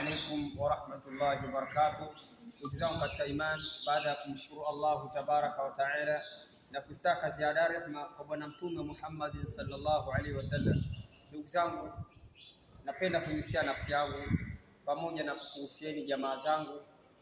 alaikum warahmatullahi wabarakatuh. Ndugu zangu katika imani, baada ya kumshukuru Allahu tabaraka wa taala na kusaka ziada rehma kwa Bwana Mtume Muhammad sallallahu alaihi wasallam, ndugu zangu, napenda kuihusia nafsi yangu pamoja na kuhusieni jamaa zangu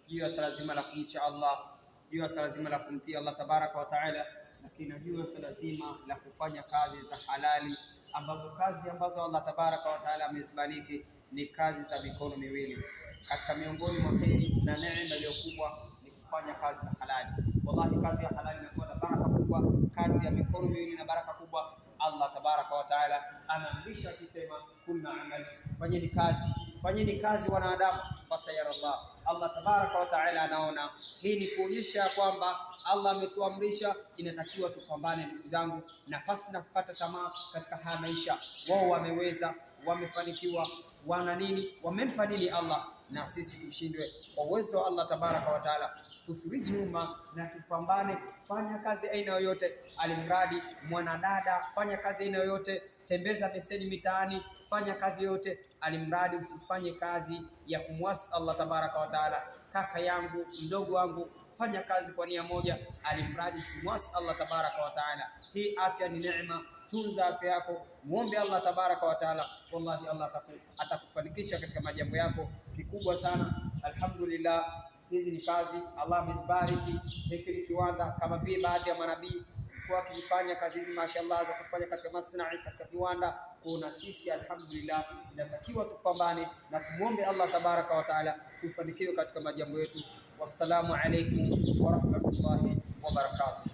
juu ya swala zima la kumcha Allah, juu ya swala zima la kumtii Allah tabaraka wa taala, lakini juu ya swala zima la kufanya kazi za halali ambazo kazi ambazo Allah tabaraka wa taala amezibariki ni kazi za mikono miwili. Katika miongoni mwa heri na neema iliyokubwa ni kufanya kazi za halali. Wallahi, kazi ya halali imekuwa na baraka kubwa, kazi ya mikono miwili na baraka kubwa. Allah tabaraka wa taala anaamrisha akisema, kunna amali, fanyeni kazi Fanyeni kazi wanadamu, fasayarallah. Allah tabaraka wa taala anaona. Hii ni kuonyesha kwamba Allah ametuamrisha, inatakiwa tupambane, ndugu zangu, na pasi na kukata tamaa katika haya maisha. Wao wameweza, wamefanikiwa, wana nini, wamempa nini Allah, na sisi tushindwe kwa uwezo wa Allah tabaraka wa taala, tusirudi nyuma na tupambane. Fanya kazi aina yoyote, alimradi mwanadada, fanya kazi aina yoyote, tembeza beseni mitaani, fanya kazi yoyote, alimradi usifa fanye kazi ya kumwasi Allah tabaraka wa taala. Kaka yangu mdogo wangu, fanya kazi kwa nia moja, alimradi simwasi Allah tabaraka wa taala. Hii afya ni neema, tunza afya yako, muombe Allah tabaraka wa taala. Wallahi Allah atakufanikisha katika majambo yako kikubwa sana. Alhamdulillah, hizi ni kazi Allah amezibariki. Hiki ni kiwanda kama vile baadhi ya manabii kwa kufanya kazi hizi, mashaallah, za kufanya katika masnai, katika viwanda kuna sisi alhamdulillah, inatakiwa tupambane na tumwombe Allah tabaraka wa taala tufanikiwe katika majambo yetu. Wassalamu alaikum wa barakatuh.